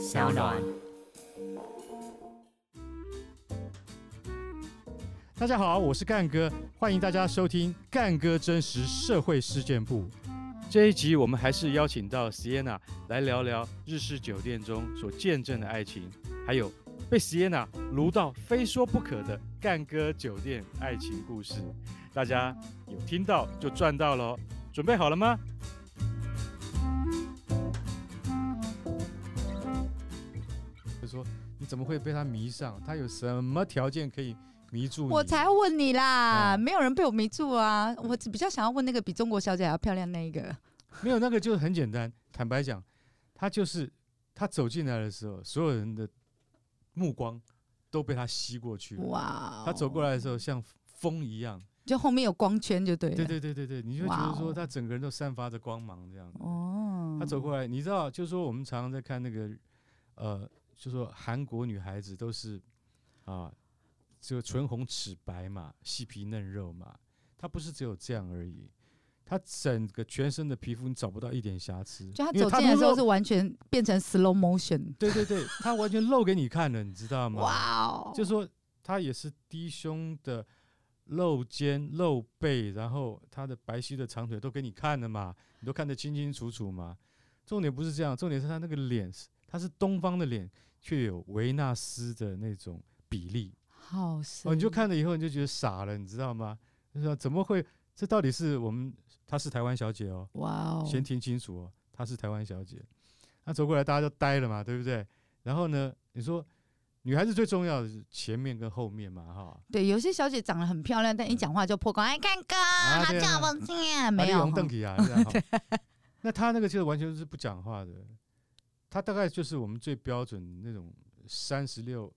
SoundOn。大家好，我是乾哥，歡迎大家收聽乾哥真實社會事件簿。這一集我們還是邀請到席耶娜來聊聊日式酒店中所見證的愛情，還有被席耶娜擼到非說不可的乾哥酒店愛情故事。大家有聽到就賺到了，準備好了嗎？說你怎麼會被他迷上？他有什麼條件可以迷住你？我才問你啦，嗯、沒有人被我迷住啊！嗯、我只比較想要問那個比中國小姐還要漂亮那一個。沒有那個就是很簡單， 坦白講，他就是他走進來的時候，所有人的目光都被他吸過去哇！Wow 他走過來的時候像風一樣，就後面有光圈，就對，對對對對對，你就覺得說他整個人都散發着光芒這樣哦，Wow 他走過來，你知道，就是說我們常常在看那個呃。就是說韓國女孩子都是啊，就唇紅齒白嘛，細皮嫩肉嘛。她不是只有這樣而已，她整個全身的皮膚你找不到一點瑕疵。就她走進來之後是完全變成 slow motion。對對對， 她完全露給你看了，你知道嗎？哇哦 Wow！就是說她也是低胸的，露肩露背，然後她的白皙的長腿都給你看了嘛，你都看得清清楚楚嘛。重點不是這樣，重點是她那個臉她是東方的臉，卻有維納斯的那種比例。好神！哦、喔，你就看了以後，你就覺得傻了，你知道嗎？就是、說怎麼會？這到底是我們？她是台灣小姐哦、喔。哇哦 Wow！先聽清楚哦、喔，她是台灣小姐。那走過來，大家都呆了嘛，對不對？然後呢，你說女孩子最重要的是前面跟後面嘛，哈。對，有些小姐長得很漂亮，但一講話就破口。嗯、哎，幹哥，啊啊、她講不進。啊、沒有。白龍鄧那她那個就是完全是不講話的。他大概就是我們最標準那種三十六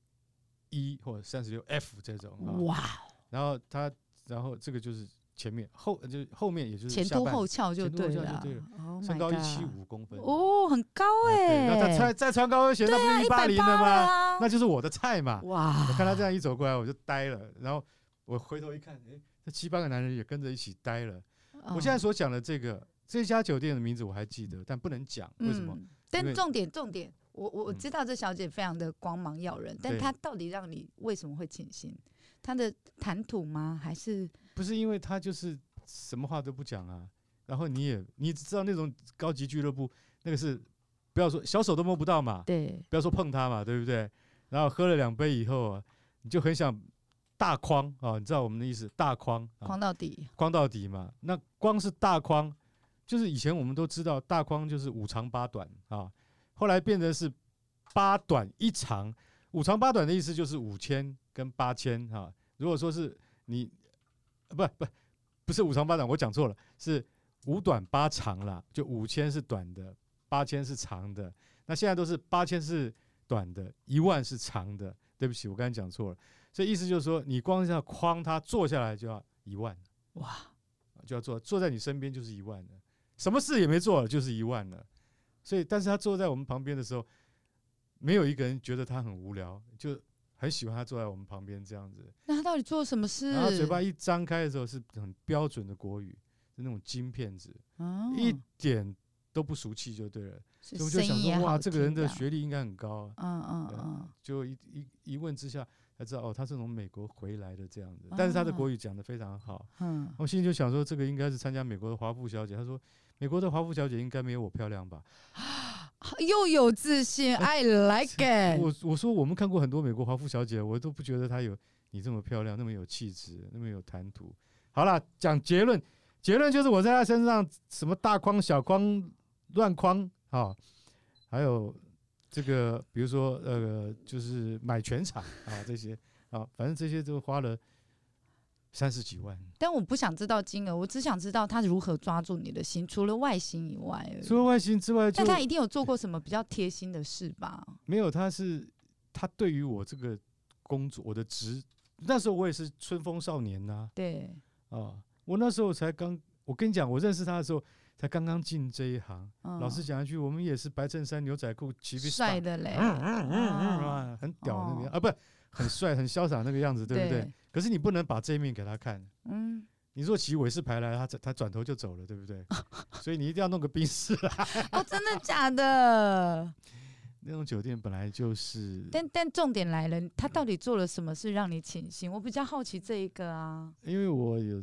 E 或三十六 F 這種哇、啊，然後他然後這個就是前面後就後面也就是前凸後翹就對了、oh，對，身高一七五公分哦，很高哎、欸，那他穿再穿高跟鞋，那不是一八零的嗎？那就是我的菜嘛哇！我看他這樣一走過來，我就呆了，然後我回頭一看、哎，這七八個男人也跟着一起呆了。我現在所講的這個這家酒店的名字我還記得，但不能講為什麼。嗯但重點，因為 重點，我我知道這小姐非常的光芒耀人，嗯、但她到底讓你為什麼會傾心？她的談吐嗎？還是不是因為她就是什麼話都不講啊？然後你也你只知道那種高級俱樂部，那個是不要說小手都摸不到嘛，對，不要說碰她嘛，對不對？然後喝了兩杯以後啊，你就很想大框啊，你知道我們的意思，大框，啊、框到底，框到底嘛？那光是大框。就是以前我們都知道大框就是五長八短啊，後來變成是八短一長。五長八短的意思就是五千跟八千啊。如果說是你，不不不是五長八短，我講錯了，是五短八長啦。就五千是短的，八千是長的。那現在都是八千是短的，一萬是長的。對不起，我剛才講錯了。所以意思就是說，你光要框它坐下來就要一萬，哇，就要坐，坐在你身邊就是一萬的。什麼事也沒做，就是一萬了。所以，但是他坐在我們旁邊的時候，沒有一個人覺得他很無聊，就很喜歡他坐在我們旁邊這樣子。那他到底做了什麼事？然後嘴巴一張開的時候，是很標準的國語，是那種京片子，哦、一點都不俗氣，就對了。是所以我就想說，哇，這個人的學歷應該很高、啊。嗯嗯嗯，嗯就一一一問之下。知道哦，他是從美國回來的這樣子。啊、但是他的國語講的非常好。嗯，我心裡就想說，這個應該是參加美國的華富小姐。他說，美國的華富小姐應該沒有我漂亮吧？啊、又有自信、啊、I like it。我我說，我們看過很多美國華富小姐，我都不覺得她有你這麼漂亮，那麼有氣質，那麼有談吐。好了，講結論，結論就是我在她身上什麼大框、小框、亂框啊，還有。這個，比如說，呃，就是買全場啊，這些啊，反正這些都花了三十幾萬。但我不想知道金額，我只想知道他如何抓住你的心，除了外形以外。除了外形之外，但他一定有做過什麼比較貼心的事吧？沒有，他是他對於我這個工作，我的職那時候我也是春風少年吶、啊。對啊，我那時候才剛，我跟你講，我認識他的時候。他剛剛進這一行，老實講一句，我們也是白襯衫、牛仔褲，騎飛。帥的嘞，很屌那個啊，不很帥、很瀟灑那個樣子，對不對？可是你不能把這一面給他看。嗯，你若騎偉士牌來，他他轉頭就走了，對不對？所以你一定要弄個賓士啊！哦，真的假的？那種酒店本來就是……但但重點來了，他到底做了什麼事讓你傾心？我比較好奇這一個啊，因為我有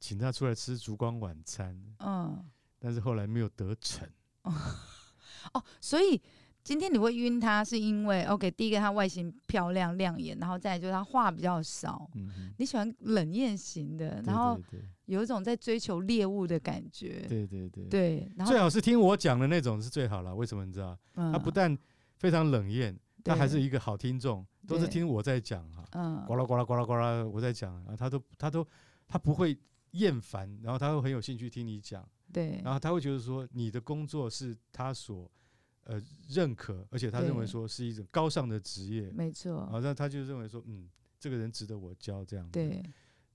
請他出來吃燭光晚餐。嗯。但是後來沒有得逞哦，所以今天你會暈他，是因為 OK，第一個他外形漂亮亮眼，然後再來就是他話比較少，嗯、哼你喜歡冷艷型的，然後有一種在追求獵物的感覺，對對對，最好是聽我講的那種是最好的，為什麼你知道？嗯、他不但非常冷艷，他還是一個好聽眾，對都是聽我在講哈，呱啦呱啦呱啦呱啦我在講啊，他都他都他不會厭煩，然後他會很有興趣聽你講。對，然後他會覺得說，你的工作是他所呃認可，而且他認為說是一種高尚的職業，沒錯。然後他就認為說，嗯，這個人值得我教這樣。對。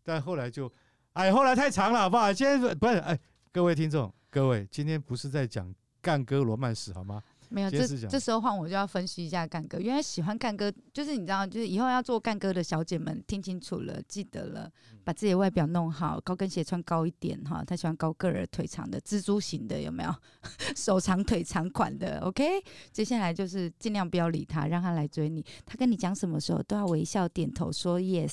但後來就，哎，後來太長了，好不好？今天不是哎，各位聽眾，各位，今天不是在講《幹哥羅曼史》好嗎？沒有，這這時候換我就要分析一下幹哥，原來喜歡幹哥就是你知道，就是以後要做幹哥的小姐們聽清楚了，記得了，把自己的外表弄好，高跟鞋穿高一點哈，他喜歡高個兒、腿長的、蜘蛛型的，有沒有？手長腿長款的，OK。接下來就是盡量不要理他，讓他來追你，他跟你講什麼時候都要微笑點頭說 yes。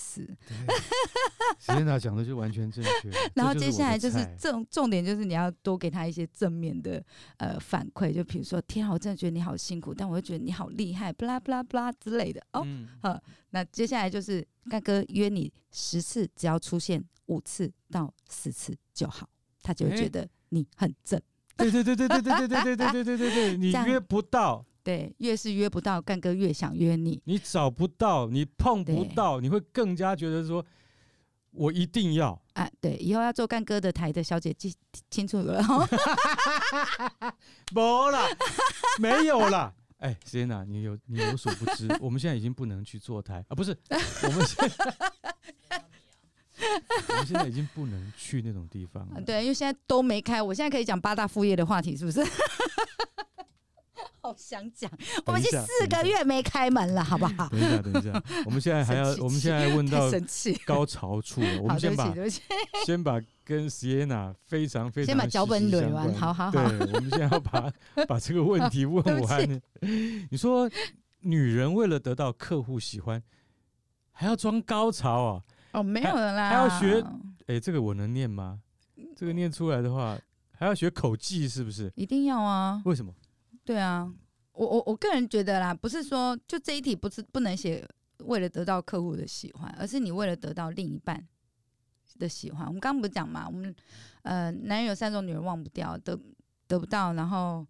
席耶娜講的就完全正確。 然後接下來就是重 重點就是你要多給他一些正面的呃反饋，就比如說天啊。真的覺得你好辛苦，但我會覺得你好厲害，巴拉巴拉巴拉之類的。哦、oh, 嗯，好，那接下來就是乾哥約你十次，只要出現五次到十次就好，他就會覺得你很正。對對對對對對對對對對對對對， 啊、你約不到，對，越是約不到，乾哥越想約你，你找不到，你碰不到，對你會更加覺得說我一定要啊！對，以後要做幹哥的台的小姐記清楚了，喔。 沒了，沒有了。哎、欸、，席耶娜，你有你有所不知， 我們現在已經不能去坐台啊！不是， 我們現我們現在已經不能去那種地方了，啊。對，因為現在都沒開，我現在可以講八大行業的話題，是不是？ 好想講，我們已經四個月沒開門了，好不好？等一下，等一下，我們現在還要，我們現在問到高潮處，我們先把先把跟 Sienna 非常非常先把腳本捋完，好，好對，我們現在要把把這個問題問完。你說女人為了得到客戶喜歡，還要裝高潮啊？哦，沒有的啦，還要學？哎，這個我能念嗎？這個念出來的話，還要學口技是不是？一定要啊？為什麼？對啊，我我我個人覺得啦，不是說就這一題不是不能寫，為了得到客戶的喜歡，而是你為了得到另一半的喜歡。我們剛不是講嘛，我們呃男人有三種，女人忘不掉、得得不到，然後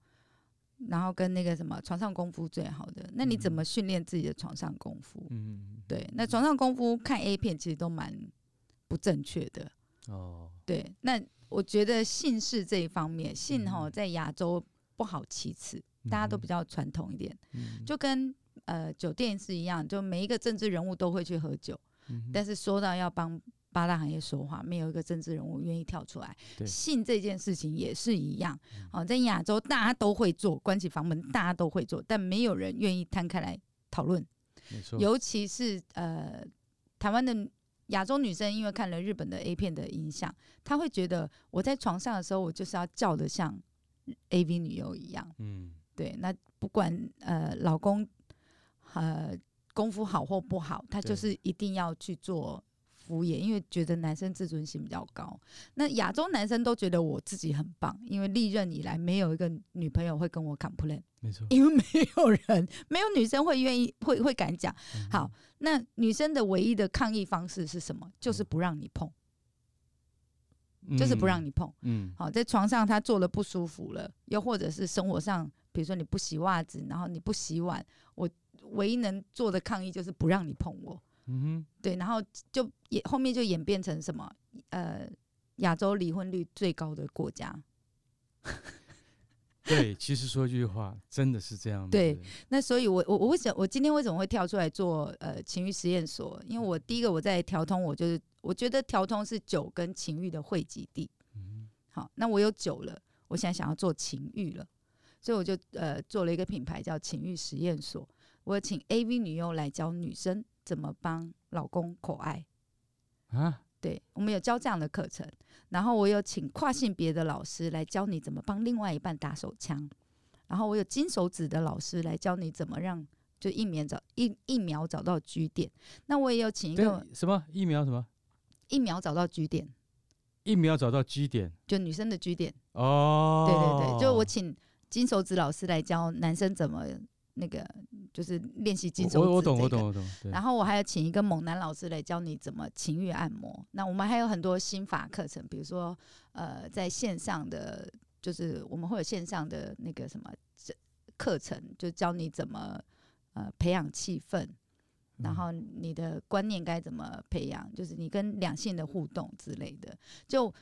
然後跟那個什麼床上功夫最好的，那你怎麼訓練自己的床上功夫？嗯、對，那床上功夫看 A 片其實都蠻不正確的哦。對，那我覺得性事這一方面，性哈在亞洲。不好啟齒，大家都比較傳統一點，嗯、哼就跟呃酒店是一樣，就每一個政治人物都會去喝酒，嗯、哼但是說到要幫八大行業說話，沒有一個政治人物願意跳出來。對性這件事情也是一樣，好、嗯哦、在亞洲大家都會做，關起房門大家都會做，但沒有人願意攤開來討論。錯尤其是呃台灣的亞洲女生，因為看了日本的 A 片的影響，她會覺得我在床上的時候，我就是要叫得像。A.V. 女優一樣，嗯，對，那不管呃老公呃功夫好或不好，他就是一定要去做敷衍。對因為覺得男生自尊心比較高。那亞洲男生都覺得我自己很棒，因為歷任以來沒有一個女朋友會跟我 complain，沒錯，因為沒有人，沒有女生會願意會會敢講。嗯嗯好，那女生的唯一的抗議方式是什麼？就是不讓你碰。嗯嗯、就是不讓你碰，嗯，好，哦，在床上他坐了不舒服了，又或者是生活上，比如說你不洗襪子，然後你不洗碗，我唯一能做的抗議就是不讓你碰我，嗯哼，對，然後就也後面就演變成什麼，呃，亞洲離婚率最高的國家， 對，其實說句話， 真的是這樣，對，那所以我，我我我為什我今天為什麼會跳出來做呃擒慾實驗所？因為我第一個我在條通我就是。我覺得條通是酒跟情欲的匯集地。嗯，好，那我有酒了，我現在想要做情欲了，所以我就呃做了一個品牌叫情欲實驗所。我有請 AV 女優來教女生怎麼幫老公口愛啊，對我們有教這樣的課程。然後我有請跨性別的老師來教你怎麼幫另外一半打手槍。然後我有金手指的老師來教你怎麼讓就一秒找一一秒找到 G 點。那我也有請一個、啊、什麼疫苗什麼。一秒找到 G 點，一秒找到 G 點，就女生的 G 點。哦、oh，對對對，就我請金手指老師來教男生怎麼那個，就是練習金手指、這個、我我懂我懂我懂。我懂我懂，然後我還要請一個猛男老師來教你怎麼情慾按摩。那我們還有很多心法課程，比如說呃，在線上的就是我們會有線上的那個什麼這課程，就教你怎麼呃培養氣氛。然後你的觀念該怎麼培養？就是你跟兩性的互動之類的，就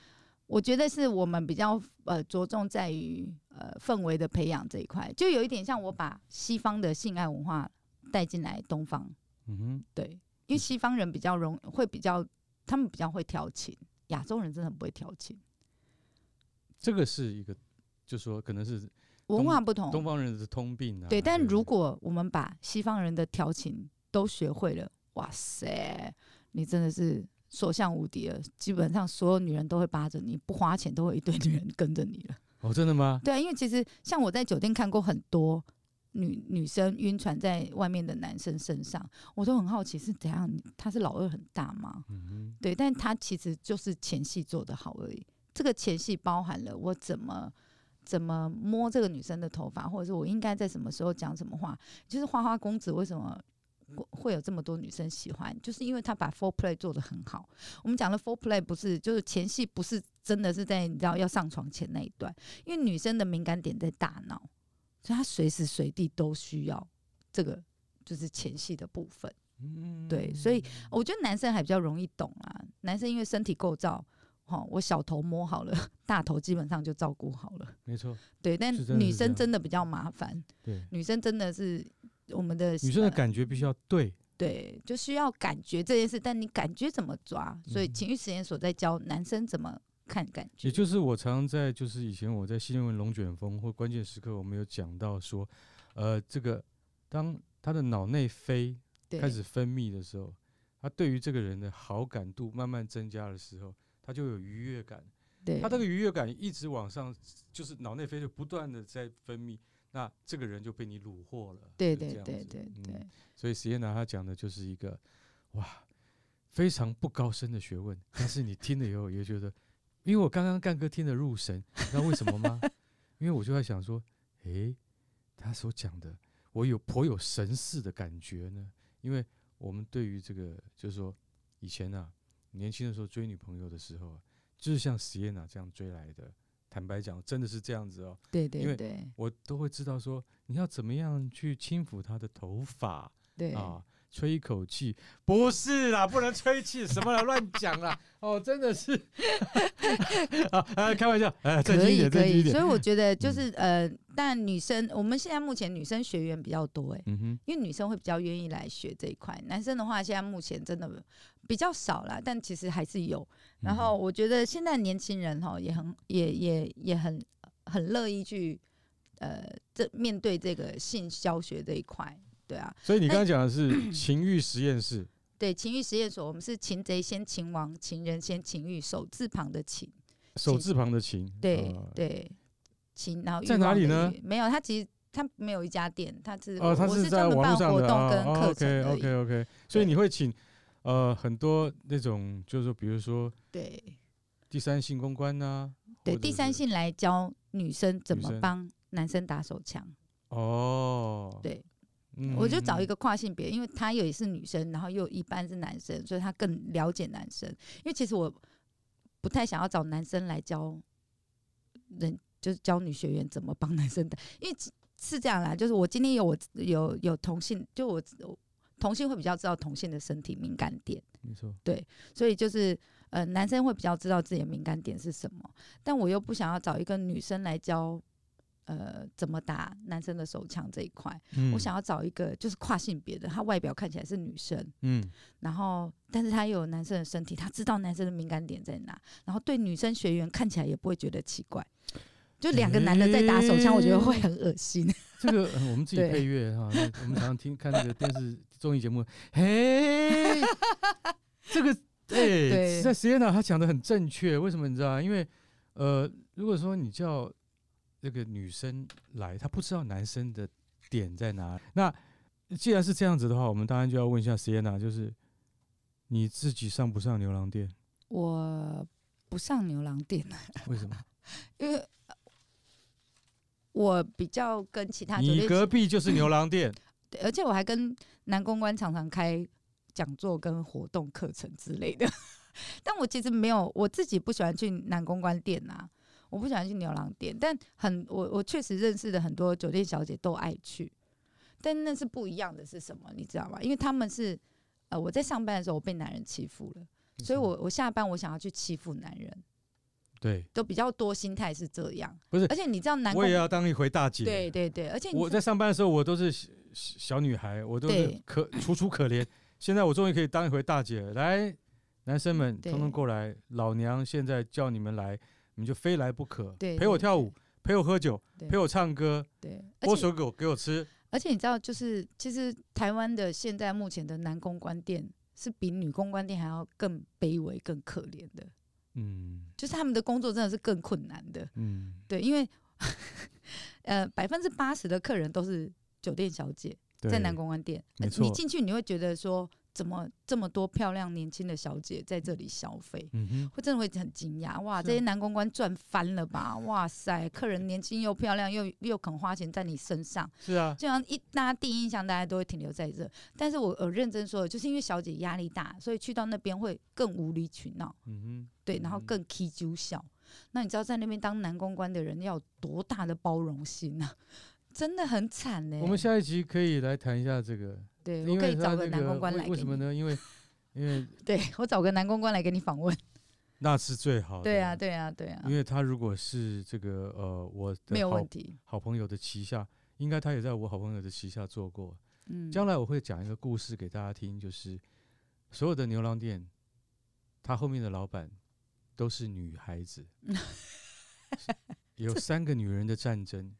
我覺得是我們比較呃着重在於呃氛圍的培養這一塊。就有一點像我把西方的性愛文化帶進來東方，嗯哼，對，因為西方人比較容易會比較，他們比較會調情，亞洲人真的很不會調情。這個是一個，就說可能是文化不同，東方人是通病啊。對，對，但如果我們把西方人的調情都學會了，哇塞！你真的是所向無敵了。基本上所有女人都會扒着你，不花錢都會一堆女人跟着你了。哦，真的嗎？對啊，因為其實像我在酒店看過很多女女生暈船在外面的男生身上，我都很好奇是怎樣，他是老二很大嗎？嗯哼。對，但他其實就是前戲做得好而已。這個前戲包含了我怎麼怎麼摸這個女生的頭髮，或者是我應該在什麼時候講什麼話，就是花花公子為什麼？會有這麼多女生喜歡，就是因為他把 foreplay 做得很好。我們講的 foreplay 不是就是前戲，不是真的是在你知道要上床前那一段，因為女生的敏感點在大腦，所以她隨時隨地都需要這個就是前戲的部分。嗯，對，所以我覺得男生還比較容易懂啊。男生因為身體構造，哈，我小頭摸好了，大頭基本上就照顧好了。沒錯，對，但女生真的比較麻煩。對，女生真的是。我們的女生的感覺必須要對，對，就需要感覺這件事。但你感覺怎麼抓？所以擒慾實驗所在教男生怎麼看感覺、嗯。也就是我常常在，就是以前我在新聞龍捲風或關鍵時刻，我們有講到說，呃，這個當他的腦內啡開始分泌的時候，對他對於這個人的好感度慢慢增加的時候，他就有愉悅感。對他這個愉悅感一直往上，就是腦內啡就不斷的在分泌。那這個人就被你虜獲了，對對對對對、嗯。所以席耶娜她講的就是一個哇，非常不高深的學問，但是你聽了以後也覺得， 因為我剛剛幹哥聽得入神，你知道為什麼嗎？ 因為我就在想說，誒、欸，他所講的，我有頗有神似的感覺呢。因為我們對於這個，就是說以前呢、啊，年輕的時候追女朋友的時候，就是像席耶娜這樣追來的。坦白講，真的是這樣子哦。對對對，因為我都會知道說你要怎麼樣去輕撫他的頭髮。對，對，對啊。吹一口氣，不是啦，不能吹氣，什麼亂講啦？ 哦，真的是啊， 哎，開玩笑，哎，認真一點，可以，所以我覺得就是呃，但女生我們現在目前女生學員比較多、欸，哎、嗯哼，因為女生會比較願意來學這一塊，男生的話現在目前真的比較少啦，但其實還是有。然後我覺得現在年輕人哈也很也也也很很樂意去呃這面對這個性教學這一塊。對啊，所以你剛剛講的是情欲實驗室，對情欲實驗所。我們是擒賊先擒王，情人先擒欲。手字旁的擒，手字旁的擒。對對擒，然後在哪裡呢？沒有，他其實他沒有一家店，他是我是專門辦活動跟課程而已。OK OK OK，所以你會請呃很多那種，就是比如說，對第三性公關吶，對第三性來教女生怎麼幫男生打手槍哦，對。嗯嗯，我就找一個跨性別，因為她有也是女生，然後又一半是男生，所以她更了解男生。因為其實我不太想要找男生來教人，就是教女學員怎麼幫男生戴。因為是這樣啦。就是我今天有我有有同性，就我，我同性會比較知道同性的身體敏感點，沒錯，對。所以就是呃，男生會比較知道自己的敏感點是什麼，但我又不想要找一個女生來教。呃，怎麼打男生的手槍這一塊？嗯、我想要找一個就是跨性別的，她外表看起來是女生，嗯，然後但是她又有男生的身體，她知道男生的敏感點在哪，然後對女生學員看起來也不會覺得奇怪。就兩個男的在打手槍，我覺得會很噁心。這個、呃、我們自己配樂哈對、啊，我們常常聽看那個電視綜藝節目，嘿，這個、欸、對，實在席耶娜，他講得很正確，為什麼你知道？因為呃，如果說你叫。那個女生來，她不知道男生的點在哪。那既然是這樣子的話，我們當然就要問一下席耶娜，就是你自己上不上牛郎店？我不上牛郎店，為什麼？ 因為，我比較跟其他你隔壁就是牛郎店、嗯，對，而且我還跟男公關常常開講座跟活動課程之類的。但我其實沒有，我自己不喜歡去男公關店吶、啊。我不喜歡去牛郎店。但很我我確實認識的很多酒店小姐都愛去，但那是不一樣的是什麼，你知道嗎？因為他們是，呃，我在上班的時候我被男人欺負了，所以我我下班我想要去欺負男人，對，都比較多心態是這樣，不是？而且你知道男，我也要當一回大姐，對對對，而且我在上班的時候我都是小女孩，我都是可對楚楚可憐，現在我終於可以當一回大姐了，來，男生們通通過來，對老娘現在叫你們來。你們就非來不可，對對對，陪我跳舞，對對對，陪我喝酒，對，陪我唱歌，對，剝水果給我吃。而且你知道，就是其實台灣的現在目前的男公關店是比女公關店還要更卑微、更可憐的。嗯，就是他們的工作真的是更困難的。嗯，對，因為呵呵呃百分之八十的客人都是酒店小姐，在男公關店，沒錯，你進去你會覺得說。怎麼這麼多漂亮年輕的小姐在這裡消費？嗯哼，會真的會很驚訝哇！啊、這些男公關賺翻了吧？哇塞，客人年輕又漂亮又，又又肯花錢在你身上。是啊，這樣一大家第一印象大家都會停留在這。但是我呃認真說，就是因為小姐壓力大，所以去到那邊會更無理取鬧。嗯哼，對，然後更起酒痟。那你知道在那邊當男公關的人要多大的包容心呢？啊？真的很慘嘞、欸。我們下一集可以來談一下這個。對，我可以找個男公關來給你為，那個。為什麼呢？因為，因為對，我找個男公關來給你訪問，那是最好的。對啊，對啊，對啊。因為他如果是這個呃，我的好沒有問題，好朋友的旗下，應該他也在我好朋友的旗下做過。將、嗯、來我會講一個故事給大家聽，就是所有的牛郎店，他後面的老闆都是女孩子， 有三個女人的戰爭。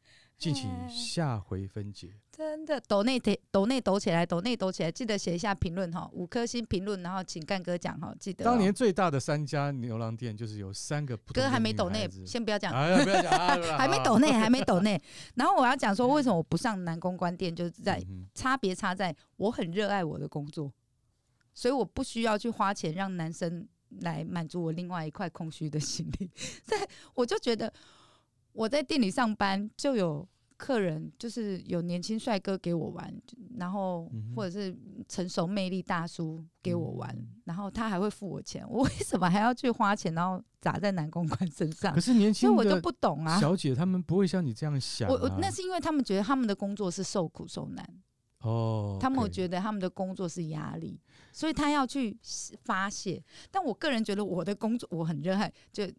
敬請下回分解。真的，抖內抖，抖內抖起來，抖內抖起來，記得寫一下評論哈，五顆星評論，然後請幹哥講哈。記得喔，當年最大的三家牛郎店，就是有三個不同的女孩子，可是還沒抖內，先不要講、啊， 還沒抖內，還沒抖內。然後我要講說，為什麼我不上男公關店， 就是在差別差在我很熱愛我的工作，所以我不需要去花錢讓男生來滿足我另外一塊空虛的心理，所以我就覺得。我在店裡上班，就有客人，就是有年輕帥哥給我玩，然後或者是成熟魅力大叔給我玩，然後他還會付我錢。我為什麼還要去花錢，然後砸在男公關身上？可是年輕人，我都不懂啊。小姐，他們不會像你這樣想啊。我那是因為他們覺得他們的工作是受苦受難哦，okay，他們覺得他們的工作是壓力，所以他要去發洩。但我個人覺得我的工作我很熱愛，就。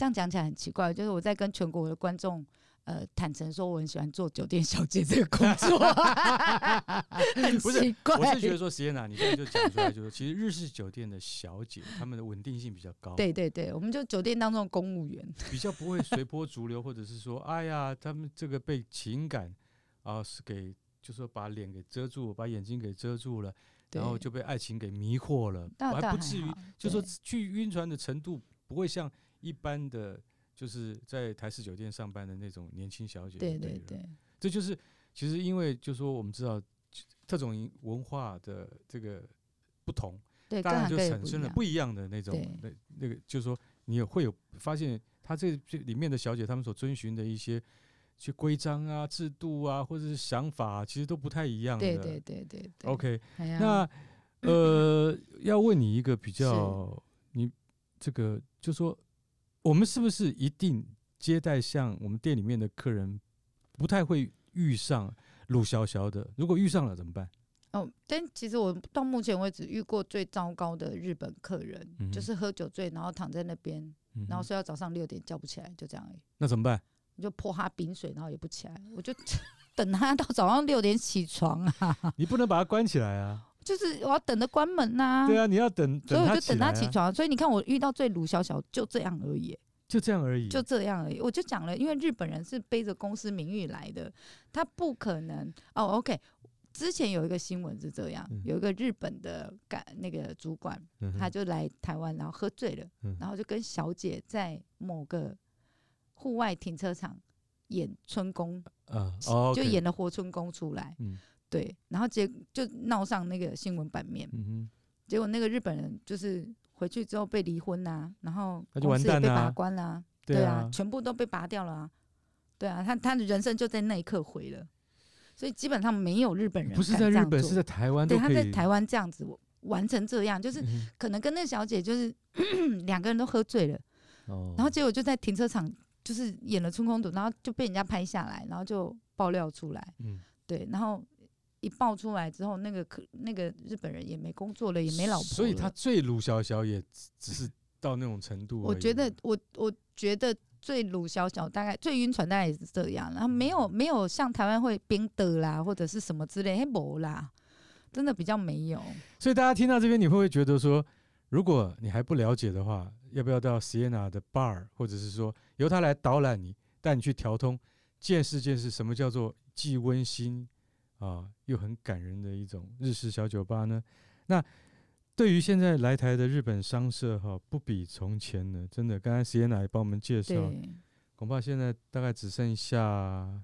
這樣講起來很奇怪，就是我在跟全國的觀眾，呃，坦誠說我很喜歡做酒店小姐這個工作， 很奇怪。不是，我是覺得說，席耶娜，你現在就講出來就是，就說 其實日式酒店的小姐，他們的穩定性比較高。對對對，我們就酒店當中的公務員， 比較不會隨波逐流，或者是說，哎呀，他們這個被情感啊，是給就是說把臉給遮住，把眼睛給遮住了，對然後就被愛情給迷惑了。倒倒還好，我還不至於，對就說去暈船的程度不會像。一般的，就是在台式酒店上班的那種年輕小姐，對對對，對吧，這就是其實因為就是說我們知道，特種營文化的這個不同，對，當然就產生了不一樣的那種那那個，就是說你也會有發現，他這這裡面的小姐她們所遵循的一些去規章啊、制度啊，或者是想法，其實都不太一樣的。對對對，OK，那、嗯、呃，要問你一個比較，是你這個就是說。我們是不是一定接待像我們店裡面的客人不太會遇上魯小小的，如果遇上了怎麼辦？哦，但其實我到目前為止遇過最糟糕的日本客人，嗯、哼就是喝酒醉，然後躺在那邊，嗯、哼然後睡到早上六點叫不起來，就這樣而已。那怎麼辦？你就潑他冰水，然後也不起來，我就等他到早上六點起床啊。你不能把他關起來啊。就是我要等着關門吶、啊。對啊，你要等，等啊、所以我就等他起床。所以你看，我遇到最盧小小就這，就，這就這樣而已，就這樣而已，就這樣而已。我就講了，因為日本人是背着公司名譽來的，他不可能哦。Oh, OK，之前有一個新聞是這樣，嗯、有一個日本的幹那個主管，嗯、哼他就來台灣，然後喝醉了，嗯、然後就跟小姐在某個戶外停車場演春宮，uh, oh, okay、就演了活春宮出來。嗯對，然後結就鬧上那個新聞版面，嗯、哼結果那個日本人就是回去之後被離婚吶、啊，然後公司也被拔關啦、啊。啊對啊，對啊全部都被拔掉了啊，對啊，他他的人生就在那一刻毀了，所以基本上沒有日本人不是在日本是在台灣，對他在台灣這樣子玩成這樣，就是可能跟那小姐就是、嗯、哼兩個人都喝醉了，哦、然後結果就在停車場就是演了春宮圖，然後就被人家拍下來，然後就爆料出來，嗯、對，然後。一爆出來之後，那個可那個日本人也沒工作了，也沒老婆了。所以，他最魯小小也只是到那種程度。我覺得，我我覺得最魯小小大概最暈船，大概也是這樣。然後沒有沒有像台灣會冰的啦，或者是什麼之類，沒啦，真的比較沒有。所以，大家聽到這邊，你會不會覺得說，如果你還不了解的話，要不要到 Siena 的 Bar，或者是說由他來導覽你，帶你去條通，見識見識什麼叫做既溫馨？啊，又很感人的一種日式小酒吧呢。那對於現在來台的日本商社哈、啊，不比從前呢，真的。剛剛席耶娜也幫我們介紹，對恐怕現在大概只剩下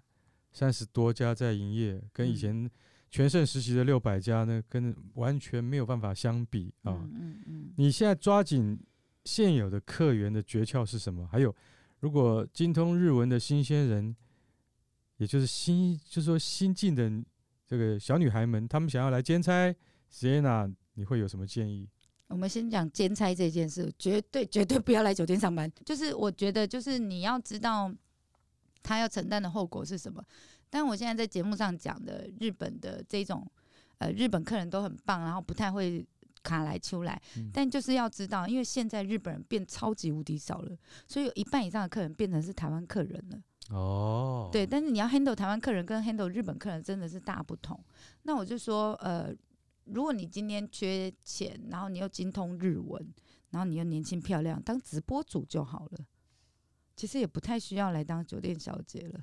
三十多家在營業，跟以前全盛時期的六百家呢，嗯、跟完全沒有辦法相比啊。嗯嗯嗯你現在抓緊現有的客源的訣竅是什麼？還有，如果精通日文的新鮮人，也就是新，就是說新進的。這個小女孩們，她們想要來兼差，席耶娜，你會有什麼建議？我們先講兼差這件事，絕對絕對不要來酒店上班。就是我覺得，就是你要知道他要承擔的後果是什麼。但我現在在節目上講的，日本的這種，呃，日本客人都很棒，然後不太會卡來出來。嗯，但就是要知道，因為現在日本人變超級無敵少了，所以有一半以上的客人變成是台灣客人了。哦，oh、對，但是你要 handle 台灣客人跟 handle 日本客人真的是大不同。那我就說，呃，如果你今天缺錢，然後你又精通日文，然後你又年輕漂亮，當直播主就好了。其實也不太需要來當酒店小姐了。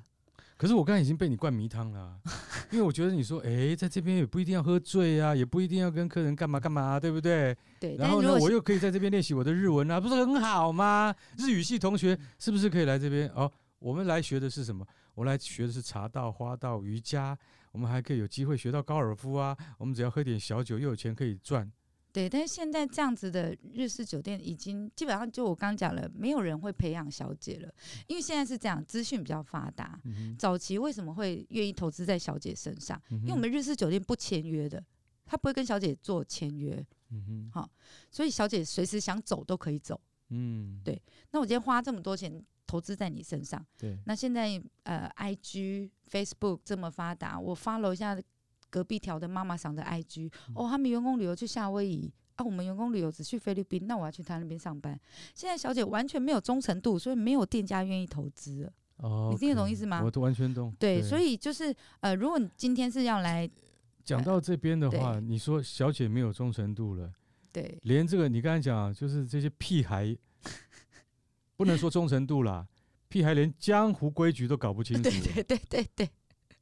可是我剛才已經被你灌迷湯了、啊， 因為我覺得你說，哎、欸，在這邊也不一定要喝醉啊，也不一定要跟客人幹嘛幹嘛、啊，對不對？對。然後呢但是如果我又可以在這邊練習我的日文啊，不是很好嗎？日語系同學是不是可以來這邊？哦。我們來學的是什麼？我來學的是茶道、花道、瑜伽。我們還可以有機會學到高爾夫啊。我們只要喝點小酒，又有錢可以賺。對，但是現在這樣子的日式酒店已經基本上就我剛剛講了，沒有人會培養小姐了，因為現在是這樣，資訊比較發達。嗯哼。早期為什麼會願意投資在小姐身上？嗯哼。因為我們日式酒店不簽約的，他不會跟小姐做簽約。嗯哼，好、哦，所以小姐隨時想走都可以走。嗯，對。那我今天花這麼多錢。投資在你身上。對 那現在呃，I G Facebook 這麼發達，我 follow 一下隔壁條的媽媽桑的 I G，、嗯、哦，他們員工旅遊去夏威夷，啊，我們員工旅遊只去菲律賓，那我要去他那邊上班。現在小姐完全沒有忠誠度，所以沒有店家願意投資。哦，你聽得懂意思嗎？我都完全懂。對，對所以就是呃，如果你今天是要來，講、呃、到這邊的話，對你說小姐沒有忠誠度了，對，連這個你剛才講、啊、就是這些屁孩。 不能說忠誠度啦，屁孩連江湖規矩都搞不清楚。 對對對對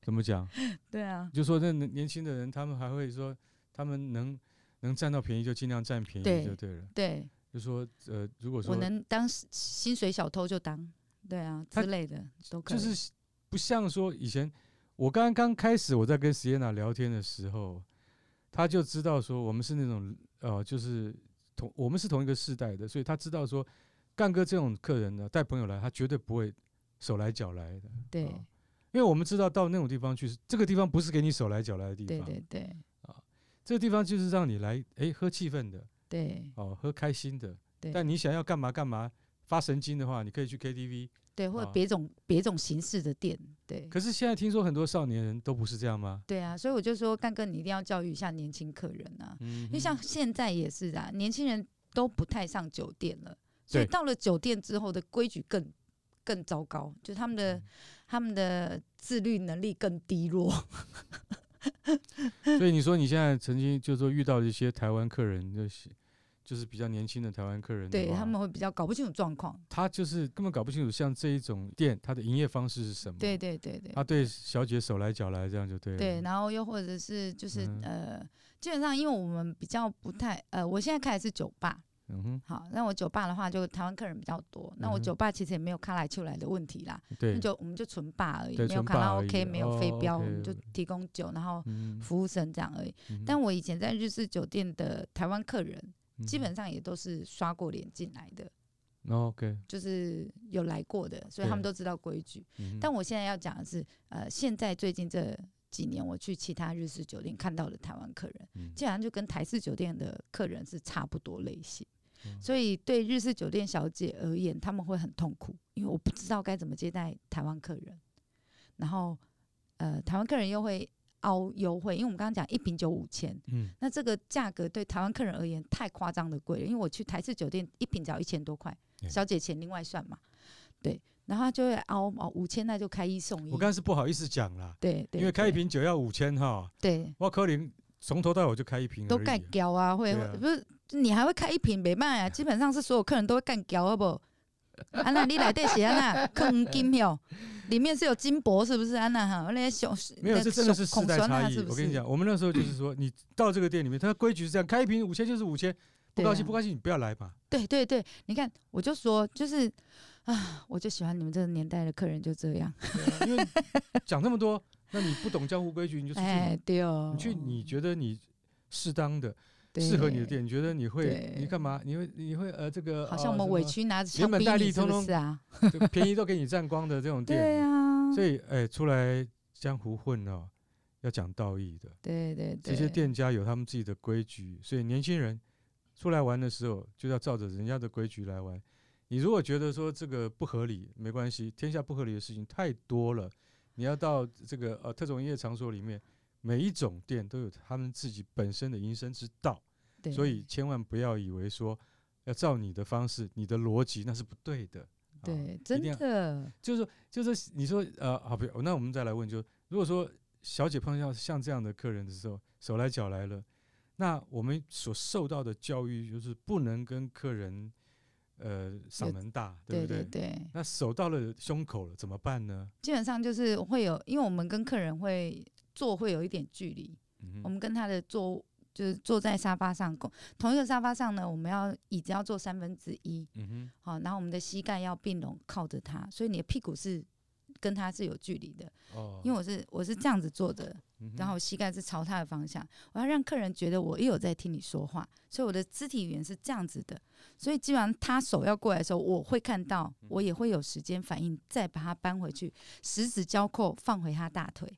怎麼講？ 對啊。就說那年輕的人，他們還會說，他們能能占到便宜就儘量占便宜，就對了。對。對就說呃，如果說我能當薪水小偷就當，對啊他之類的都可以。就是不像說以前，我剛剛開始我在跟席耶娜聊天的時候，他就知道說我們是那種呃，就是同我們是同一個世代的，所以他知道說。幹哥這種客人呢，帶朋友來，他絕對不會手來腳來的。對、哦，因為我們知道到那種地方去，這個地方不是給你手來腳來的地方。對對對。啊、哦，這個地方就是讓你來哎、欸、喝氣氛的。對。哦，喝開心的。對。但你想要幹嘛幹嘛發神經的話，你可以去 KTV。對，或者別種別、哦、種形式的店。對。可是現在聽說很多少年人都不是這樣嗎？對啊，所以我就說幹哥，你一定要教育一下年輕客人啊。嗯哼。因為像現在也是啊，年輕人都不太上酒店了。對，所以到了酒店之後的規矩更更糟糕，就他們的、嗯、他們的自律能力更低落。所以你說你現在曾經就是說遇到一些台灣客人，就是就是比較年輕的台灣客人，對，他們會比較搞不清楚狀況。他就是根本搞不清楚像這一種店它的營業方式是什麼？對，對對對對。啊，對，小姐手來腳來這樣就對了。對，然後又或者是就是、嗯、呃，基本上因為我們比較不太呃，我現在開的是酒吧。嗯哼，好，那我酒吧的話，就台灣客人比較多。那我酒吧其實也沒有卡拉丘來的問題啦。對。那就我們就純吧而已，沒有卡拉 OK，沒有飛鏢，就提供酒，然後服務生這樣而已。但我以前在日式酒店的台灣客人，基本上也都是刷過臉進來的。OK。就是有來過的，所以他們都知道規矩。但我現在要講的是，呃，現在最近這。幾年我去其他日式酒店看到的台灣客人，基本上就跟台式酒店的客人是差不多類型，嗯、所以對日式酒店小姐而言，他們會很痛苦，因為我不知道該怎麼接待台灣客人。然後，呃，台灣客人又會凹優惠，因為我們剛剛講一瓶酒五千，嗯、那這個價格對台灣客人而言太誇張的貴了，因為我去台式酒店一瓶只要一千多塊，小姐錢另外算嘛，嗯、對。然後他就會熬哦，五千那就開一送一。我剛才是不好意思講了。對，因為開一瓶酒要五千哈。對。我客人從頭到尾就開一瓶。啊啊、都干膠啊，會不是？你還會開一瓶沒賣啊？基本上是所有客人都會干膠，不？安娜，你來得是安娜，可金票，裡面是有金箔，是不是安娜哈？那些小沒有，這真的是時代差異。我跟你講，我們那時候就是說，你到這個店裡面，他的規矩是這樣，開一瓶五千就是五千，不高興不高興，你不要來吧。對，啊、對對對，你看，我就說就是。啊，我就喜歡你們這個年代的客人就這樣。啊、因為講那麼多， 那你不懂江湖規矩，你就出去，哎對哦，你去你覺得你適當的適對合你的店，你覺得你會對你幹嘛？你會你會，你會呃這個好像我們委屈、啊、拿着錢本帶利通通是啊，通通便宜都給你占光的這種店 對呀、啊。所以哎、欸，出來江湖混哦，要講道義的。對對，對對，這些店家有他們自己的規矩，所以年輕人出來玩的時候就要照着人家的規矩來玩。你如果覺得說這個不合理，沒關係，天下不合理的事情太多了。你要到這個呃特種營業場所裡面，每一種店都有他們自己本身的營生之道，對所以千萬不要以為說要照你的方式，你的邏輯，那是不對的。啊、對，真的就是就是你說呃好，不，那我們再來問、就是，就如果說小姐碰到像這樣的客人的時候，手來腳來了，那我們所受到的教育就是不能跟客人。呃，嗓門大，對，對不對？對對對，那手到了胸口了，怎麼辦呢？基本上就是會有，因為我們跟客人會坐會有一點距離。嗯哼。我們跟他的坐就是坐在沙發上，共同一個沙發上呢，我們要椅子要坐三分之一。嗯哼。好，然後我們的膝蓋要併攏靠着他，所以你的屁股是跟他是有距離的，因為我是我是這樣子坐着，然後我膝蓋是朝他的方向。我要讓客人覺得我也有在聽你說話，所以我的肢體語言是這樣子的。所以，基本上他手要過來的時候，我會看到，我也會有時間反應，再把他搬回去，十指交扣，放回他大腿。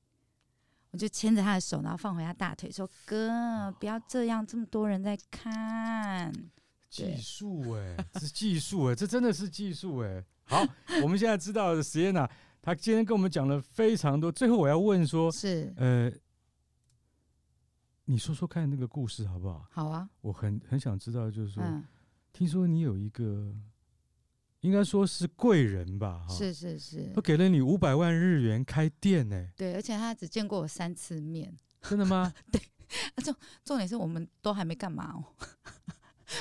我就牽着他的手，然後放回他大腿，說：“哥，不要這樣，這麼多人在看。”技術哎、欸， 是技術哎、欸，這真的是技術哎、欸。好，我們現在知道了席耶娜。 他今天跟我們講了非常多，最後我要問說：是呃，你說說看那個故事好不好？好啊，我很很想知道，就是說，嗯、聽說你有一個，應該說是貴人吧？是是是，他給了你五百萬日元開店呢、欸，對，而且他只見過我三次面，真的嗎？ 對，重重點是我們都還沒幹嘛哦。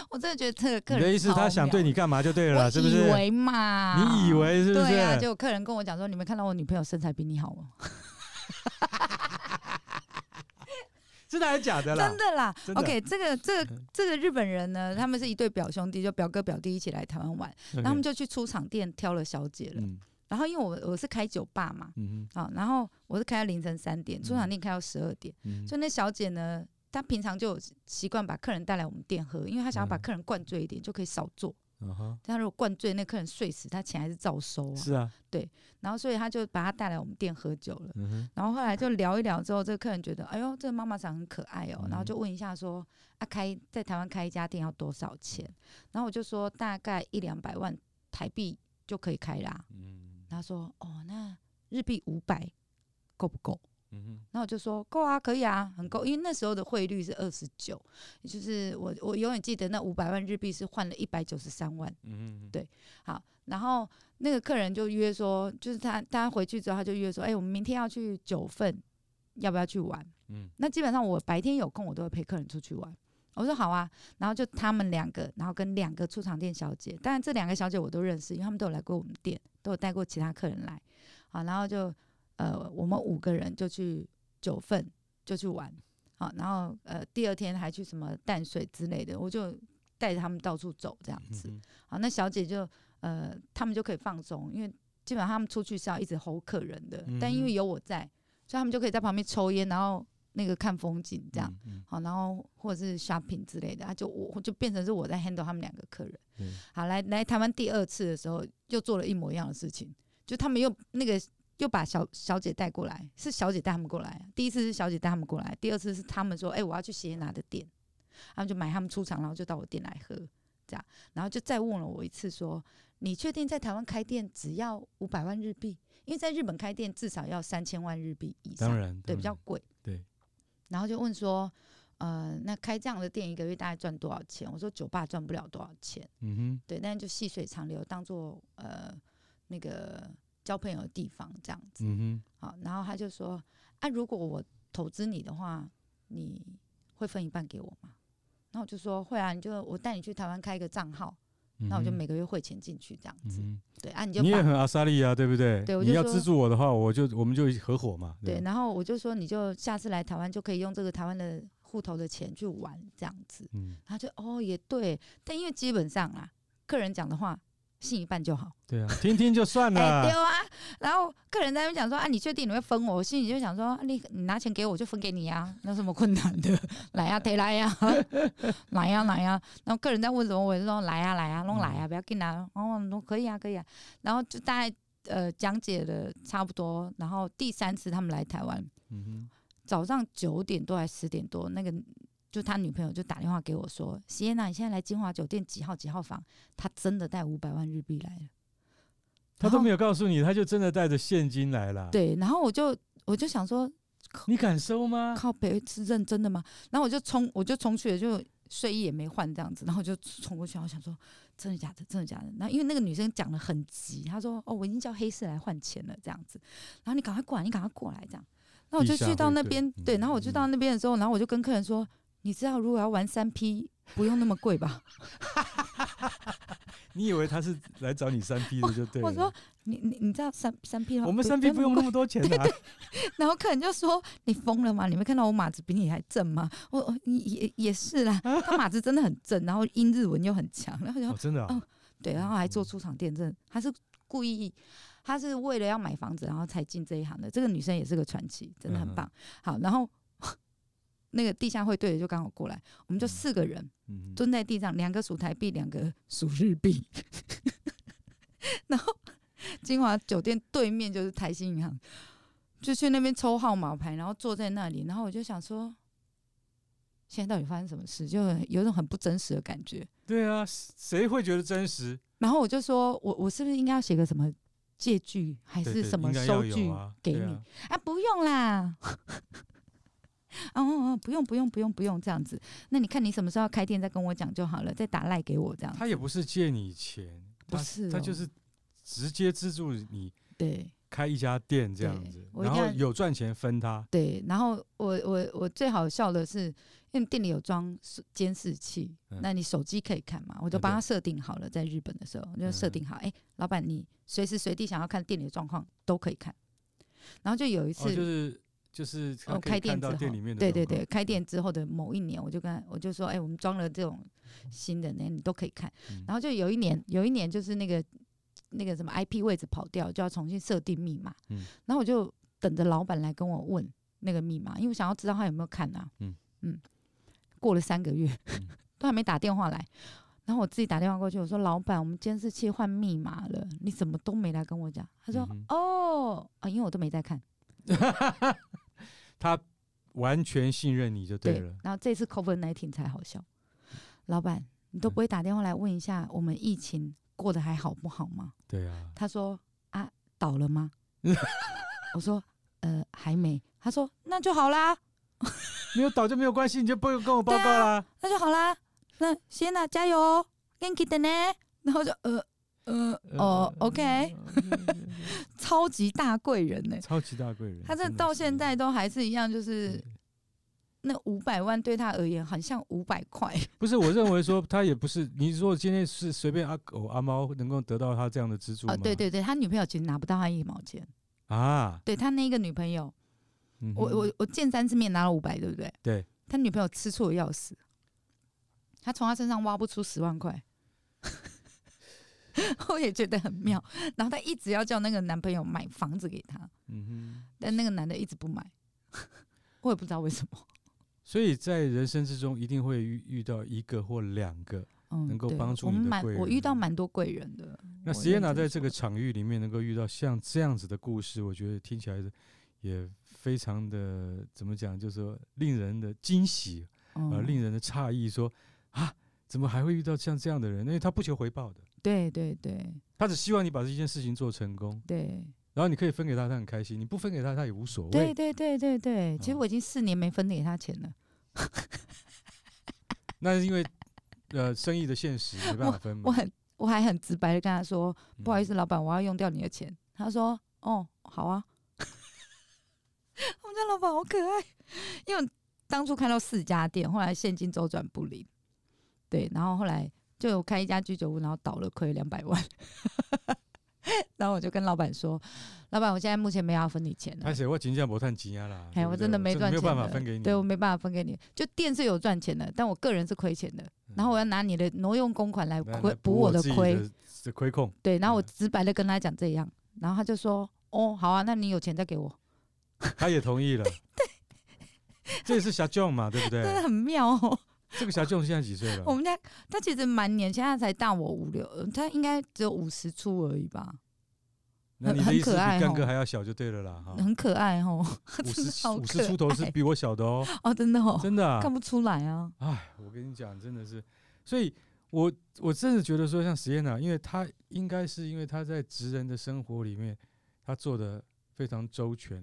我真的覺得這個客人，你的意思是，他想對你幹嘛就對了，是不是？你以為嘛？你以為是不是？對啊，就有客人跟我講說：“你沒看到我女朋友身材比你好嗎？” 真的還是假的啦？真的啦。的 OK，這個這個這個日本人呢，他們是一對表兄弟，就表哥表弟一起來台灣玩，Okay. 然後他們就去出場店挑了小姐了。嗯、然後因為我我是開酒吧嘛，嗯、哼啊，然後我是開到凌晨三點，出場店開到十二點，嗯、哼所以那小姐呢？他平常就習慣把客人帶來我們店喝，因為他想要把客人灌醉一點，就可以少做。嗯、哼但他如果灌醉那客人睡死，他錢還是照收啊。是啊。對。然後所以他就把他帶來我們店喝酒了。嗯、哼然後後來就聊一聊之後，這個客人覺得，哎呦，這個媽媽桑很可愛哦，喔。嗯、然後就問一下說，啊開、開在台灣開一家店要多少錢？然後我就說大概一兩百萬台幣就可以開啦。嗯。他說，哦，那日幣五百夠不夠？嗯然後我就說夠啊，可以啊，很夠，因為那時候的匯率是二十九，就是我我永遠記得那五百萬日幣是換了一百九十三萬。嗯哼哼對，好，然後那個客人就約說，就是他他回去之後他就約說，哎、欸，我們明天要去九份，要不要去玩？嗯，那基本上我白天有空，我都會陪客人出去玩。我說好啊，然後就他們兩個，然後跟兩個出場店小姐，當然這兩個小姐我都認識，因為他們都有來過我們店，都有帶過其他客人來。好，然後就。呃，我們五個人就去九份就去玩，好，然後呃第二天還去什麼淡水之類的，我就帶着他們到處走這樣子。嗯、哼好，那小姐就呃他們就可以放鬆，因為基本上他們出去是要一直候客人的，嗯、哼但因為有我在，所以他們就可以在旁邊抽煙，然後那個看風景這樣，好、嗯哼，然後或者是 shopping 之類的，就我就變成是我在 handle 他們兩個客人。嗯、好，來來台灣第二次的時候又做了一模一樣的事情，就他們又那個。又把小小姐帶過來，是小姐帶他們過來。第一次是小姐帶他們過來，第二次是他們說：“哎、欸，我要去席耶娜的店。啊”他們就買他們出場，然後就到我店來喝，這樣。然後就再問了我一次，說：“你確定在台灣開店只要五百萬日幣？因為在日本開店至少要三千萬日幣以上，當然，當然對，比較貴。”對。然後就問說：“呃，那開這樣的店一個月大概賺多少錢？”我說：“酒吧賺不了多少錢。”嗯哼。對，但是就細水長流，當做呃那個。交朋友的地方這樣子、嗯哼，好，然後他就說：“哎、啊，如果我投資你的話，你會分一半給我嗎？”然後我就說：“會啊，你就我帶你去台灣開一個賬號，那、嗯、哼我就每個月匯錢進去這樣子、嗯哼。對啊，你就你也很阿莎力啊，對不對？對你要資助我的話，我就我們就合夥嘛。對，對，然後我就說，你就下次來台灣就可以用這個台灣的戶頭的錢去玩這樣子、嗯。他就哦，也對，但因為基本上啦、啊，客人講的話。”信一半就好，對啊，聽聽就算了、哎。對啊，然後客人在那邊講說：“啊，你確定你會分我？”我心裡就想說：“你你拿錢給我，就分給你啊，那有什麼困難的？ 來呀、啊，得來呀、啊、來呀、啊。來啊來啊”然後客人在問什麼？我就說：“來呀、啊、來呀、啊，弄來呀、啊，不要緊啊，哦，可以啊可以啊。以啊”然後就大概呃講解的差不多。然後第三次他們來台灣，嗯、哼早上九點多還是十點多，那個。就他女朋友就打電話給我說：“席耶娜，你現在來金華酒店幾號幾號房？”他真的帶五百萬日幣來了，他都沒有告訴你，他就真的帶着現金來了。對，然後我就我就想說：“你敢收嗎？靠北是認真的嗎？”然後我就衝，我就衝去，就睡衣也沒換，這樣子，然後我就衝過去，我想說：“真的假的？真的假的？”那因為那個女生講得很急，她說：“哦，我已經叫黑市來換錢了，這樣子，然後你趕快過來，你趕快過來，這樣。”那我就去到那邊，對，然後我就到那邊的時候，然後我就跟客人說。你知道如果要玩三 P 不用那麼貴吧？ 你以為他是來找你三 P 的就對。我說，你你你知道三三 P 嗎？我們三 P 不用那麼多錢。對對。然後客人就說：“你瘋了嗎？你沒看到我馬子比你還正嗎？”我你也也是啦，他馬子真的很正，然後英日文又很強，然後就、嗯、對，然後還做出場電證。他是故意，他是為了要買房子然後才進這一行的。這個女生也是個傳奇，真的很棒。好，然後。那個地下會隊的就剛好過來，我們就四個人蹲在地上，兩個數台幣，兩個數日幣， 然後金華酒店對面就是台新銀行，就去那邊抽號碼牌，然後坐在那裡，然後我就想說，現在到底發生什麼事？就有一種很不真實的感覺。對啊，誰會覺得真實？然後我就說，我我是不是應該要寫個什麼借據，還是什麼收據給你？對對對啊，啊，啊，不用啦。 哦哦哦，不用不用不用不用這樣子。那你看你什麼時候要開店，再跟我講就好了，再打賴給我這樣子。他也不是借你錢，不是，他就是直接資助你，對，開一家店這樣子，然後有賺錢分他。對，然後我我我最好笑的是，因為店裡有裝監視器，那你手機可以看嘛？我就幫他設定好了，在日本的時候我就設定好，哎、欸，老板你隨時隨地想要看店裡的狀況都可以看。然後就有一次。就是店裡面有有開店之後，對對對，開店之後的某一年，我就跟我就說，哎、欸，我們裝了這種新的，呢，你都可以看。嗯、然後就有一年，有一年就是那個那個什麼 IP 位置跑掉，就要重新設定密碼。嗯、然後我就等着老板來跟我問那個密碼，因為我想要知道他有沒有看啊。嗯,嗯過了三個月、嗯、 都還沒打電話來，然後我自己打電話過去，我說老板，我們監視器換密碼了，你怎麼都沒來跟我講？他說、嗯、哼 哦啊，因為我都沒在看。 他完全信任你就對了，對，然後這次 COVID-19 才好笑，老闆，你都不會打電話來問一下我們疫情過得還好不好嗎？對啊，他說啊倒了嗎？ 我說呃還沒，他說那就好啦，沒有倒就沒有關係，你就不用跟我報告啦、 啊，那就好啦，那席耶娜加油，o 你的呢，然後就呃。嗯哦，OK，、嗯嗯嗯、 超級大貴人呢、欸。超級大貴人，他這到現在都還是一樣，就是對對對，那五百萬對他而言，很像五百塊。不是，我認為說他也不是， 你如果今天是隨便阿狗阿貓能夠得到他這樣的資助、啊、對對對，他女朋友其實拿不到他一毛錢啊。對他那個女朋友，嗯、哼我我我見三次面拿了五百，對不對？對，他女朋友吃醋的要死，他從他身上挖不出十萬塊。 我也覺得很妙，然後她一直要叫那個男朋友買房子給她，嗯哼，但那個男的一直不買，我也不知道為什麼。所以在人生之中，一定會遇遇到一個或兩個能夠幫助你的貴人、嗯我。我遇到蠻多貴人的。那席耶娜在這個場域裡面能夠遇到像這樣子的故事，我覺得聽起來也非常的怎麼講，就是說令人的驚喜，而、呃、令人的詫異，說啊，怎麼還會遇到像這樣的人？因為他不求回報的。對對對，他只希望你把這件事情做成功。對，然後你可以分給他，他很開心；你不分給他，他也無所謂。對對對對對，嗯、其實我已經四年沒分給他錢了。 那是因為，呃，生意的現實沒辦法分嘛。我，我很，我還很直白的跟他說：“不好意思，老闆，我要用掉你的錢。嗯”他說：“哦，好啊， 我們家老闆好可愛。”因為當初開到四家店，後來現金周轉不靈，對，然後後來。就有開一家居酒屋，然後倒了，虧兩百萬。 然後我就跟老板說：“老板，我現在目前沒要分你錢了。”哎，我真的沒賺錢啊啦！我真的沒，我的沒有辦法分給你。對，我沒辦法分給你，就店是有賺錢的，但我個人是虧錢的。然後我要拿你的挪用公款來補補、嗯、我的虧，是虧空。對，然後我直白的跟他講這樣，然後他就說：“嗯、哦，好啊，那你有錢再給我。”他也同意了。 對，對這也是小眾嘛， 對不對？真的很妙哦、喔。這個小舅子現在幾歲了？我們家他其實蠻年輕，他才大我五六，他應該只有五十出而已吧？那你的意思很很可愛比幹哥還要小就對了啦。哈很可愛哈。五十五十出頭是比我小的哦、喔。哦，真的哦、喔，真的、啊、看不出來啊。哎，我跟你講，真的是，所以我我真的覺得說，像席耶娜啊，因為他應該是因為他在職人的生活裡面，他做的非常周全、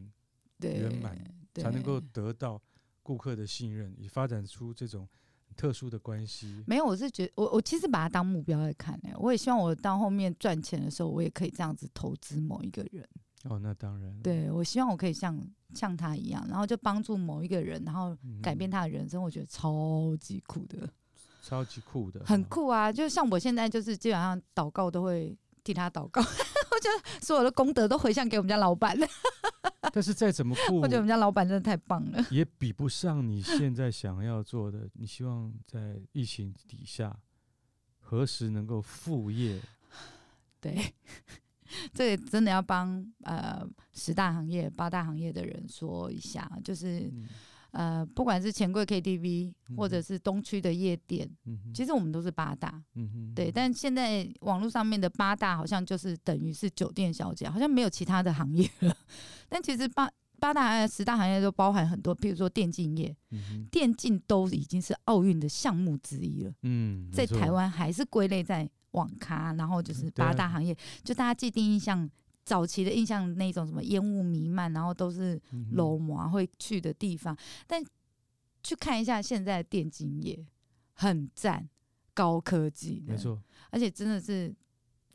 圓滿對，才能夠得到顧客的信任，以發展出這種。特殊的關係沒有，我是覺得我我其實把他當目標來看，欸、我也希望我到後面賺錢的時候，我也可以這樣子投資某一個人。哦，那當然。對，我希望我可以像像他一樣，然後就幫助某一個人，然後改變他的人生。嗯、哼我覺得超級酷的，超級酷的，很酷啊！就像我現在就是基本上禱告都會替他禱告。我覺得所有的功德都回向給我們家老板了，但是再怎麼富， 我覺得我們家老板真的太棒了，也比不上你現在想要做的。 你希望在疫情底下，何時能夠復業？對，這個真的要幫呃十大行業、八大行業的人說一下，就是。嗯呃，不管是錢櫃 KTV，或者是東區的夜店，嗯、哼其實我們都是八大，嗯、哼對。但現在網絡上面的八大好像就是等於是酒店小姐，好像沒有其他的行業了。但其實八八大十大行業都包含很多，譬如說電競業，嗯、哼電競都已經是奧運的項目之一了。嗯，在台灣還是歸類在網咖，然後就是八大行業，啊、就大家既定印象。早期的印象，那種什麼煙霧彌漫，然後都是樓模會去的地方。嗯哼，但去看一下現在的電競業，很讚，高科技，沒錯，而且真的是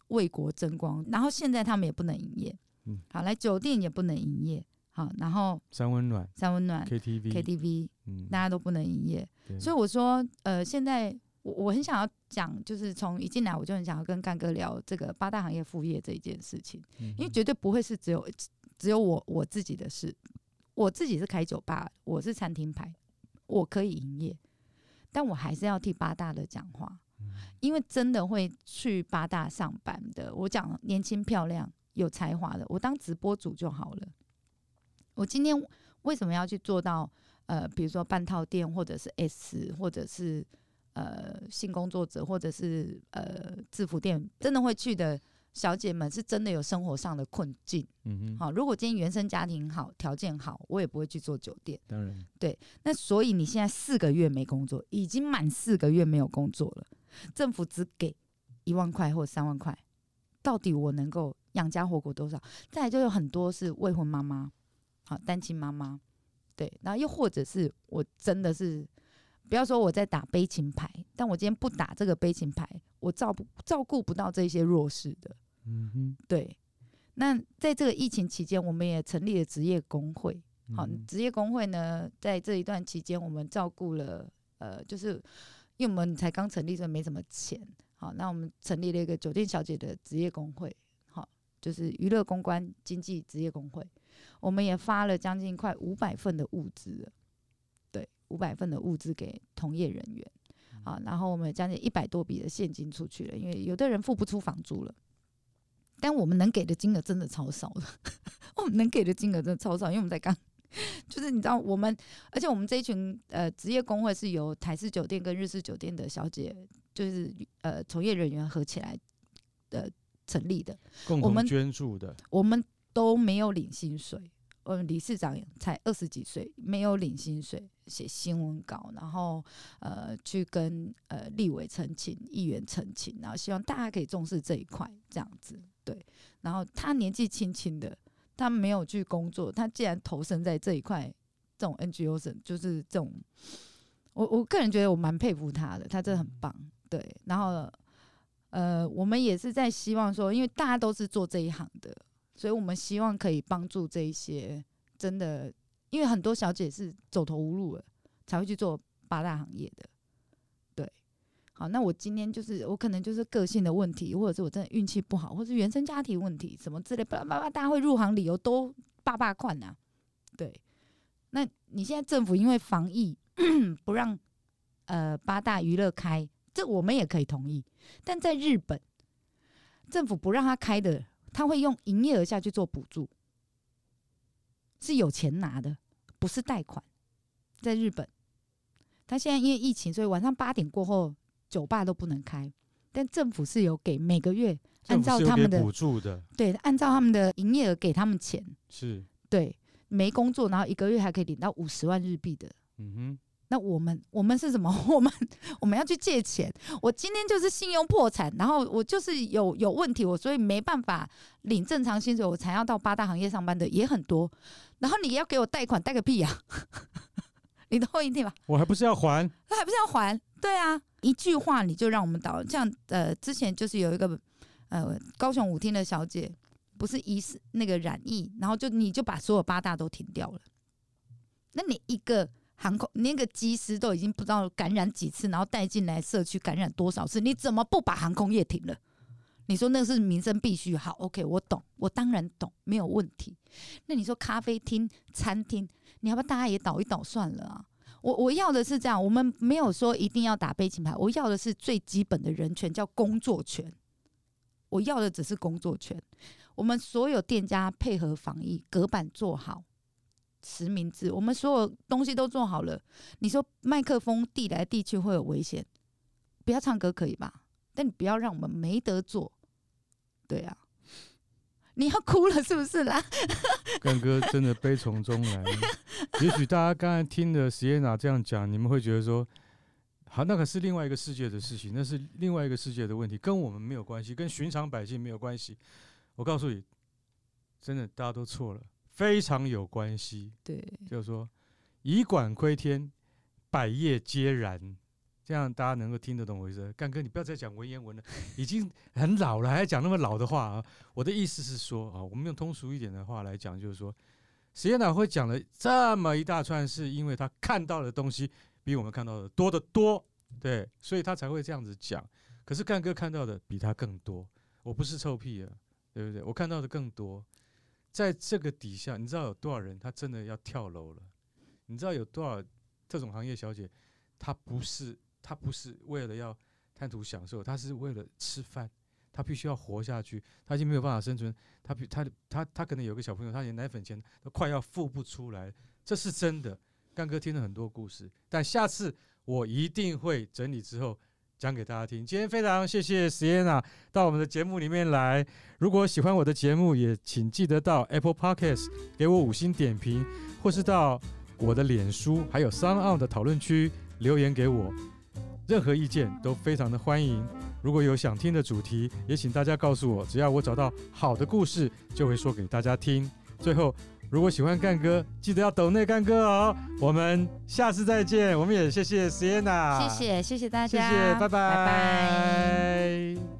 為國爭光。然後現在他們也不能營業，嗯、好，來酒店也不能營業，好，然後三溫暖、三溫暖 KTV、KTV，嗯，大家都不能營業，對了，所以我說，呃，現在。我我很想要講，就是從一進來我就很想要跟乾哥聊這個八大行業副業這一件事情，嗯、哼因為絕對不會是只有只有我我自己的事，我自己是開酒吧，我是餐廳牌，我可以營業，但我還是要替八大的講話，嗯、哼因為真的會去八大上班的，我講年輕漂亮有才華的，我當直播主就好了。我今天為什麼要去做到呃，比如說半套店或者是 S 或者是。呃，性工作者或者是呃，制服店真的會去的小姐們，是真的有生活上的困境。嗯好哼、哦，如果今天原生家庭好，條件好，我也不會去做酒店。當然，對。那所以你現在四個月沒工作，已經滿四個月沒有工作了，政府只給一萬塊或三萬塊，到底我能夠養家活口多少？再來就有很多是未婚媽媽，好單親媽媽，對，然後又或者是我真的是。不要說我在打悲情牌，但我今天不打這個悲情牌，我照不照顧不到這些弱勢的。嗯哼對。那在這個疫情期間，我們也成立了職業工會。嗯、哼好，職業工會呢，在這一段期間，我們照顧了呃，就是因為我們才剛成立，就沒什麼錢。好，那我們成立了一個酒店小姐的職業工會。好，就是娛樂公關經濟職業工會，我們也發了將近快五百份的物資。五百份的物資給同業人員，嗯、啊，然後我們將近一百多筆的現金出去了，因為有的人付不出房租了，但我們能給的金額真的超少了，呵呵我們能給的金額真的超少，因為我們在剛，就是你知道我們，而且我們這一群呃職業工會是由台式酒店跟日式酒店的小姐，就是呃從業人員合起來的成立的，共同捐助的我，我們都沒有領薪水。我們理事長才二十幾歲，沒有領薪水，寫新聞稿，然後呃去跟呃立委澄清、議員澄清，然後希望大家可以重視這一塊，這樣子對。然後他年紀輕輕的，他沒有去工作，他既然投身在這一塊，這種 NGO 上就是這種，我我個人覺得我蠻佩服他的，他真的很棒，對。然後呃，我們也是在希望說，因為大家都是做這一行的。所以我們希望可以幫助這一些真的，因為很多小姐是走投無路了才會去做八大行業的，對。好，那我今天就是我可能就是個性的問題，或者是我真的運氣不好，或是原生家庭問題什麼之類，叭叭叭，大家會入行理由都百百款吶，對。那你現在政府因為防疫呵呵不讓呃八大娛樂開，這我們也可以同意，但在日本政府不讓他開的。他會用營業額下去做補助，是有錢拿的，不是貸款。在日本，他現在因為疫情，所以晚上八點過後酒吧都不能開，但政府是有給每個月按照他們的補助的，對，按照他們的營業額給他們錢，是，對，沒工作，然後一個月還可以領到五十萬日幣的，嗯哼。那我們我們是什麼？我們我們要去借錢。我今天就是信用破產，然後我就是有有問題，我所以沒辦法領正常薪水，我才要到八大行業上班的也很多。然後你也要給我貸款，貸個屁呀、啊！ 你同意吧？我還不是要還，還不是要還？對啊，一句話你就讓我們倒。這樣呃，之前就是有一個呃，高雄舞廳的小姐不是疑似那個染疫，然後就你就把所有八大都停掉了。那你一個。航空那個機師都已經不知道感染幾次，然後帶進來社區感染多少次，你怎麼不把航空業停了？你說那是民生必需，好，OK，我懂，我當然懂，沒有問題。那你說咖啡廳、餐廳，你要不要大家也倒一倒算了啊？我我要的是這樣，我們沒有說一定要打悲情牌，我要的是最基本的人權，叫工作權。我要的只是工作權。我們所有店家配合防疫，隔板做好，實名制，我們所有東西都做好了。你說麥克風遞來遞去會有危險，不要唱歌可以吧？但你不要讓我們沒得做。對啊，你要哭了是不是啦？幹哥真的悲從中來。 也許大家剛才聽的席耶娜這樣講，你們會覺得說，好，那可是另外一個世界的事情，那是另外一個世界的問題，跟我們沒有關係，跟尋常百姓沒有關係。我告訴你，真的，大家都錯了。非常有關係，對，就是說，以管窺天，百業皆然，這樣大家能夠聽得懂我意思。乾哥，你不要再講文言文了，已經很老了，還講那麼老的話啊！我的意思是說啊、哦，我們用通俗一點的話來講，就是說，席耶娜會講了這麼一大串，是因為他看到的東西比我們看到的多得多，對，所以他才會這樣子講。可是乾哥看到的比他更多，我不是臭屁啊，對不對？我看到的更多。在這個底下，你知道有多少人他真的要跳樓了？你知道有多少這種行業小姐，她不是，她不是為了要貪圖享受，她是為了吃飯，她必須要活下去，她已經沒有辦法生存，她她她她可能有個小朋友，她連奶粉錢都快要付不出來，這是真的。幹哥聽了很多故事，但下次我一定會整理之後，講給大家聽。今天非常謝謝席耶娜到我們的節目裡面來。如果喜歡我的節目，也請記得到 Apple Podcasts 給我五星點評，或是到我的臉書還有 SoundOn 的討論區留言給我。任何意見都非常的歡迎。如果有想聽的主題，也請大家告訴我。只要我找到好的故事，就會說給大家聽。最後。如果喜歡幹哥，記得要抖內幹哥哦。我們下次再見。我們也謝謝席耶娜，謝謝，謝謝大家，謝謝，拜拜拜拜。